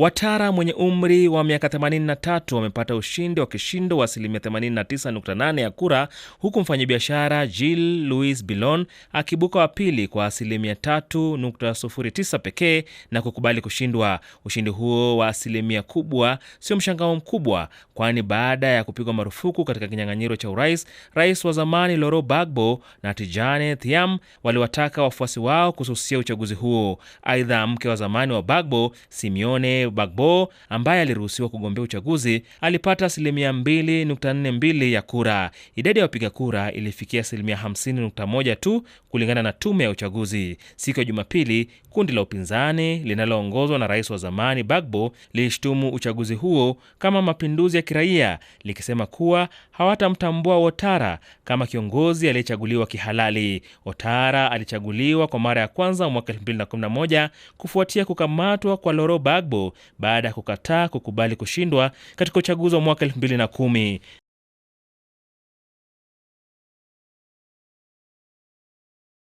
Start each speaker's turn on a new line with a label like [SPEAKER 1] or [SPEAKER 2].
[SPEAKER 1] Watara mwenye umri wa miaka 83 wamepata ushindi wa kishindo wa asilimia 89.8 ya kura, huku mfanyabiashara Jill Louis bilon akibuka wa pili kwa asilimia 3.09 pekee na kukubali kushindwa. Ushindi huo wa asilimia kubwa sio mshangao mkubwa, kwani baada ya kupigwa marufuku katika kinyang'anyiro cha urais, rais wa zamani loro bagbo na Tijane Thiam waliwataka wafuasi wao kususia uchaguzi huo. Aidha, mke wa zamani wa Bagbo Simione bagbo ambaye aliruhusiwa kugombea uchaguzi alipata asilimia 2.42 ya kura. Idadi ya wapiga kura ilifikia asilimia 50.1 tu kulingana na tume ya uchaguzi. Siku ya Jumapili, kundi la upinzani linaloongozwa na rais wa zamani Bagbo lilishtumu uchaguzi huo kama mapinduzi ya kiraia, likisema kuwa hawatamtambua Ouattara kama kiongozi aliyechaguliwa kihalali. Ouattara alichaguliwa kwa mara ya kwanza mwaka 2011 kufuatia kukamatwa kwa Laurent Gbagbo baada ya kukataa kukubali kushindwa katika uchaguzi wa mwaka 2010.